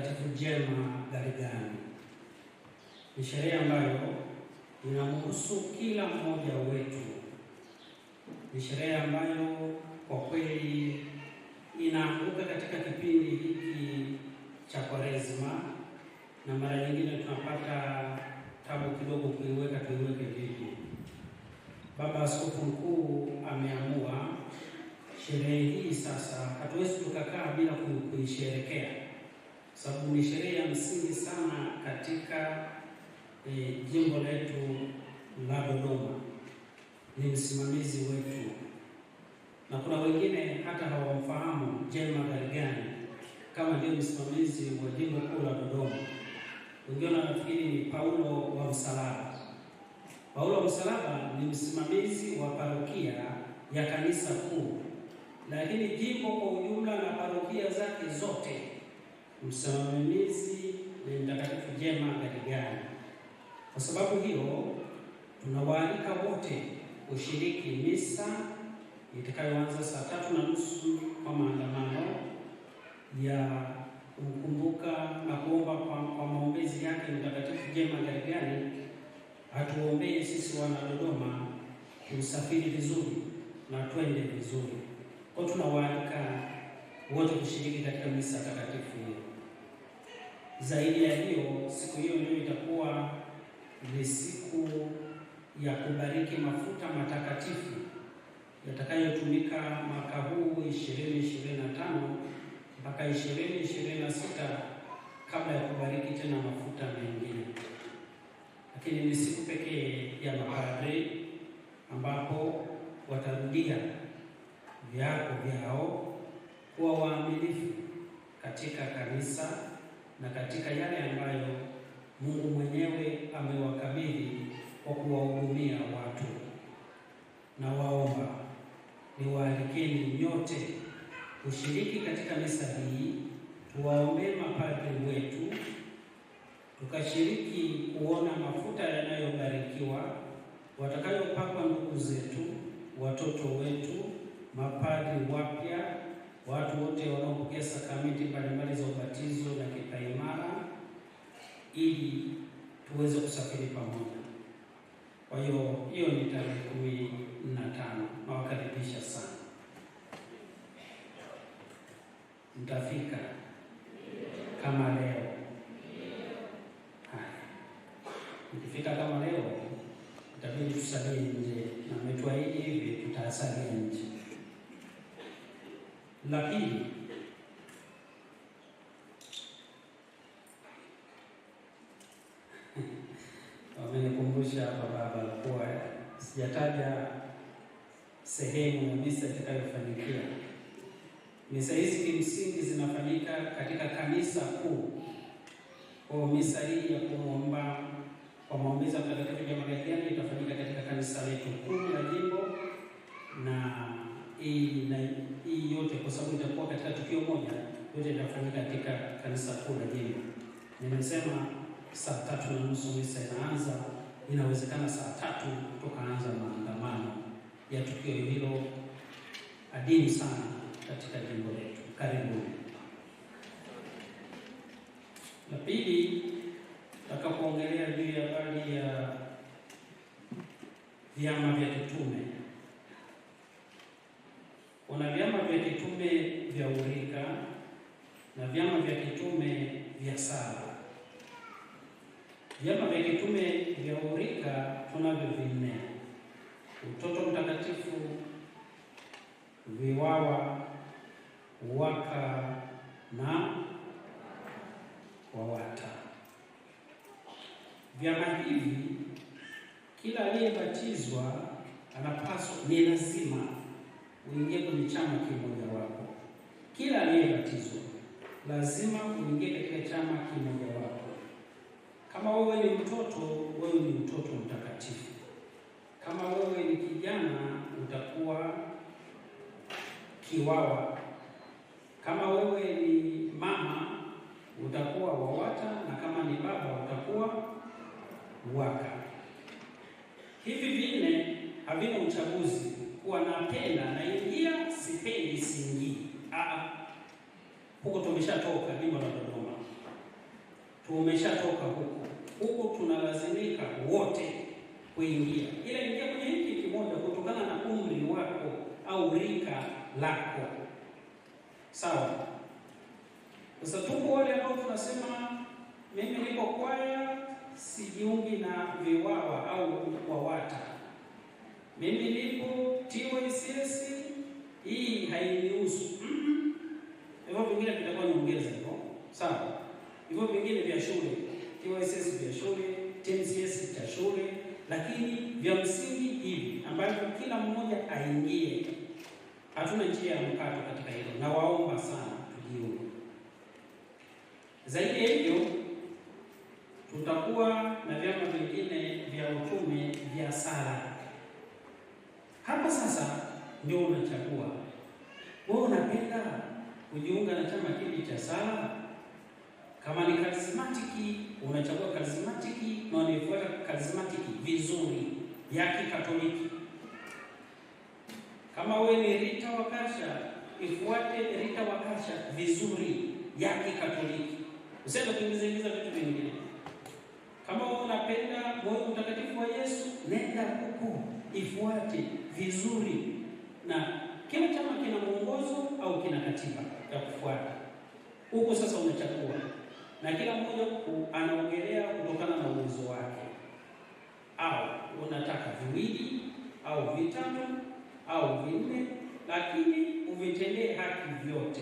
takatifu jema Galligani. Ni sherehe ambayo inamhusu kila mmoja wetu. Ni sherehe ambayo kwa kweli inaanguka katika kipindi hiki cha Kwaresma, na mara nyingine tunapata tabu kidogo kuiweka tuiweke vipi. Baba Askofu Mkuu ameamua sherehe hii sasa, hatuwezi tukakaa bila kuisherekea sababu ni sheria ya msingi sana katika e, jimbo letu la Dodoma. Ni msimamizi wetu, na kuna wengine hata hawamfahamu jema Magarigani kama ndio msimamizi wa jimbo kuu la Dodoma. Wengine wanafikiri ni Paulo wa Msalaba. Paulo wa Msalaba ni msimamizi wa parokia ya kanisa kuu, lakini jimbo kwa ujumla na parokia zake zote msimamizi ni Mtakatifu Jema Galigani. Kwa sababu hiyo, tunawaalika wote kushiriki misa itakayoanza saa tatu na nusu kwa maandamano ya kukumbuka na kuomba kwa maombezi yake Mtakatifu Jema Galigani atuombee sisi wana Dodoma tusafiri vizuri na twende vizuri. Kwa tunawaalika wote kushiriki katika misa. Zaidi ya hiyo, siku hiyo ndio itakuwa ni siku ya kubariki mafuta matakatifu yatakayotumika mwaka huu 2025 mpaka 2026 kabla ya kubariki tena mafuta mengine. Lakini ni siku pekee ya mapadre ambapo watarudia viapo vyao kuwa waaminifu katika kanisa na katika yale ambayo Mungu mwenyewe amewakabidhi kwa kuwahudumia watu. Na waomba niwaalikeni nyote kushiriki katika misa hii, tuwaombee mapadri wetu, tukashiriki kuona mafuta yanayobarikiwa watakayopakwa ndugu zetu, watoto wetu, mapadri wapya watu wote wanaopokea sakramenti mbalimbali za ubatizo na kipaimara ili tuweze kusafiri pamoja. Kwa hiyo hiyo ni tarehe kumi na tano. Nawakaribisha sana, mtafika. la pili wamenikumbusha hapa baba kuwa sijataja sehemu kabisa itakayofanikiwa. Misa hizi kimsingi zinafanyika katika kanisa kuu, kwa misa hii ya kumwomba kwa maombezi ya Mtakatifu yote itafanyika katika kanisa kuu la jimbo. Nimesema saa tatu na nusu misa inaanza, inawezekana saa tatu tukaanza maandamano ya tukio hilo adimu sana katika jimbo letu. Karibuni. La pili, nataka kuongelea juu ya habari ya vyama vya kitume. Kuna vyama vya kitume vya urika na vyama vya kitume vya sala. Vyama vya kitume vya urika tunavyo vinne: Utoto Mtakatifu, Viwawa, Uwaka na Wawata. Vyama hivi kila aliyebatizwa anapaswa, ni lazima uingie kwenye chama wapo, kila aliyebatizwa lazima uingie katika chama wapo. Kama wewe ni mtoto, wewe ni mtoto mtakatifu. Kama wewe ni kijana, utakuwa Kiwawa. Kama wewe ni mama, utakuwa Wawata, na kama ni baba, utakuwa Waka. Hivi vinne havina uchaguzi kuwa napenda naingia, sipendi, siingii. Ah, ah tumeshatoka jimbo la Dodoma, tumeshatoka huko huko, tunalazimika wote kuingia, ila ingia kwenye hiki kimoja kutokana na umri wako au rika lako, sawa. Sasa tupo wale ambao tunasema mimi niko kwaya, sijiungi na viwawa au wawata, mimi nipo TYCS, hii hainihusu hivyo vingine vitakuwa ni hivyo Sawa, hivyo vingine vya shule TYSS vya shule TMCS vya shule, lakini vya msingi hivi ambavyo kila mmoja aingie, hatuna njia ya mkato katika hilo, na waomba sana tujiunge. Zaidi ya hivyo, tutakuwa na vyama vingine vya utume vya sala. Hapa sasa ndio unachagua wewe unapenda kujiunga na chama kipi cha sala? Kama ni karismatiki, unachagua karismatiki na unaifuata karismatiki vizuri ya Kikatoliki. Kama wewe ni Rita wa Kasha, ifuate Rita wa Kasha vizuri ya Kikatoliki, usende kuingizaingiza vitu vingine. Kama unapenda moyo mtakatifu wa Yesu, nenda huko, ifuate vizuri, na kila chama kina mwongozo au kina katiba ya kufuata. Huko sasa unachagua, na kila mmoja anaongelea kutokana na uwezo wake, au unataka viwili au vitano au vinne, lakini uvitendee haki vyote,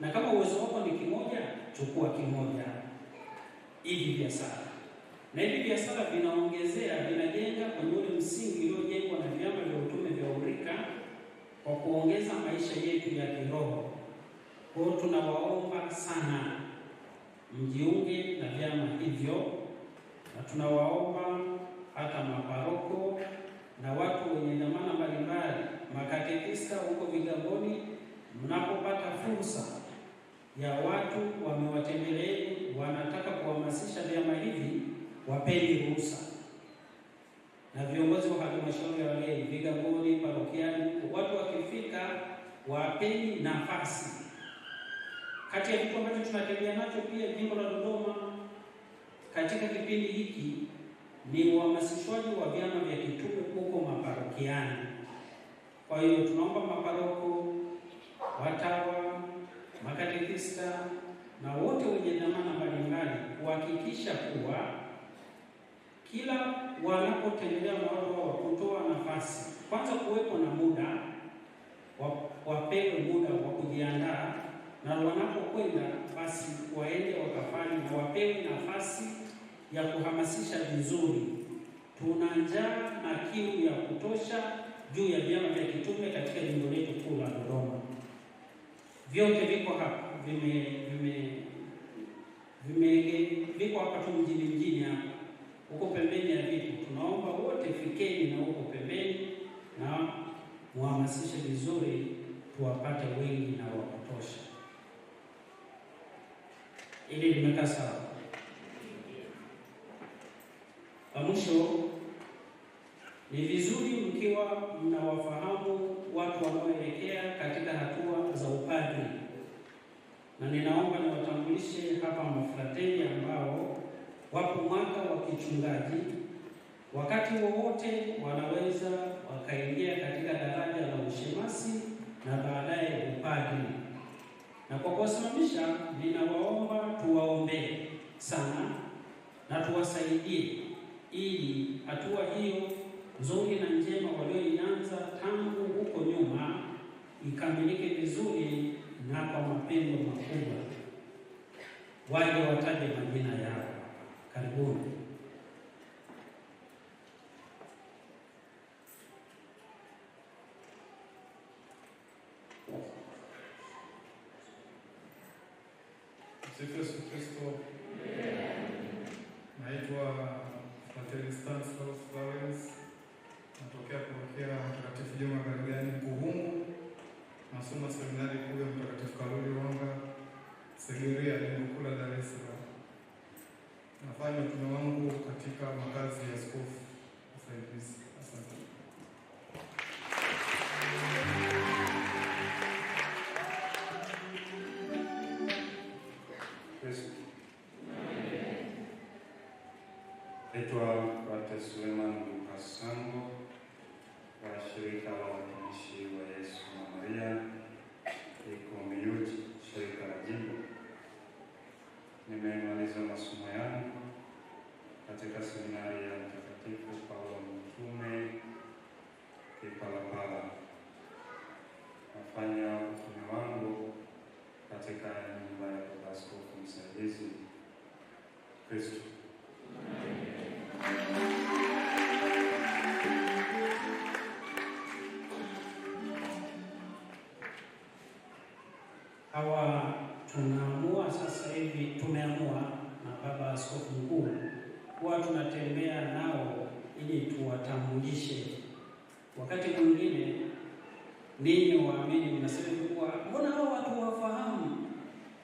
na kama uwezo wako ni kimoja, chukua kimoja. Hivi vya sala na hivi sala vinaongezea, vinajenga kwenye ule msingi uliojengwa na vyama vya utume vya urika kwa kuongeza maisha yetu ya kiroho kwa hiyo tunawaomba sana mjiunge na vyama hivyo, na tunawaomba hata maparoko na watu wenye dhamana mbalimbali, makatekista huko Vigamboni, mnapopata fursa ya watu wamewatembeleeni, wanataka kuhamasisha vyama hivi, wapeni ruhusa na viongozi wa halmashauri ya walei Vigamboni, parokiani, watu wakifika, wapeni nafasi kati ya kitu ambacho tunatembea nacho pia jimbo la Dodoma katika kipindi hiki ni uhamasishwaji wa vyama vya kitume huko maparokiani. Kwa hiyo tunaomba maparoko, watawa, makatekista na wote wenye dhamana mbalimbali kuhakikisha kuwa kila wanapotembelea watu wao kutoa nafasi kwanza, kuwepo na muda wapewe muda wa kujiandaa na wanapokwenda basi waende wakafanye na wapewe nafasi ya kuhamasisha vizuri. Tuna njaa na kiu ya kutosha juu ya vyama vya kitume katika jimbo letu kuu la Dodoma. Vyote viko hapa vime vime vime viko hapa tu mjini mjini hapa huko pembeni ya vitu. Tunaomba wote fikeni na huko pembeni na muhamasishe vizuri, tuwapate wengi na wakutosha ili limeka sawa. La mwisho ni vizuri mkiwa mnawafahamu watu wanaoelekea katika hatua za upadri, na ninaomba niwatambulishe hapa mafrateli ambao wapo mwaka wa kichungaji. Wakati wowote wanaweza wakaingia katika daraja la ushemasi na baadaye upadri. Na kwa kuwasimamisha, ninawaomba tuwaombee sana na tuwasaidie, ili hatua hiyo nzuri na njema walioianza tangu huko nyuma ikamilike vizuri na kwa mapendo makubwa. Waje wataje majina yao. Karibuni. Stanislaus Lawrence natokea kuokea Mtakatifu Juma Galilaya Kuhungu, nasoma seminari kuu ya Mtakatifu Karoli Wanga Segerea, jimbo la Dar es Salaam. Nafanya utume wangu katika makazi ya askofu msaidizi. Asante. Naitwa Mando passando para a Shreita Lopi Shiva Esma Maria e com Yud Shreita Radiba. Nem memorizamos amanhã, até que a seminária não tenha tempo. hawa tunaamua sasa hivi, tumeamua na baba askofu mkuu huwa tunatembea nao ili tuwatambulishe. Wakati mwingine ninyi waamini mnasema kuwa mbona hao watu wafahamu.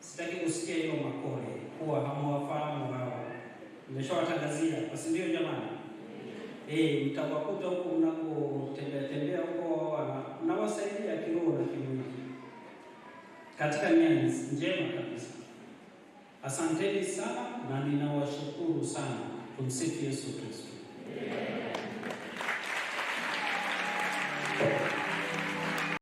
Sitaki kusikia hiyo makole kuwa hamwafahamu hao, nimeshawatangazia basi, ndio jamani. Eh, mtawakuta huko mnakotembea tembea huko, wanawasaidia kiroho na kimwili katika nia njema kabisa. Asanteni sana na ninawashukuru sana. Tumsifu Yesu Kristo.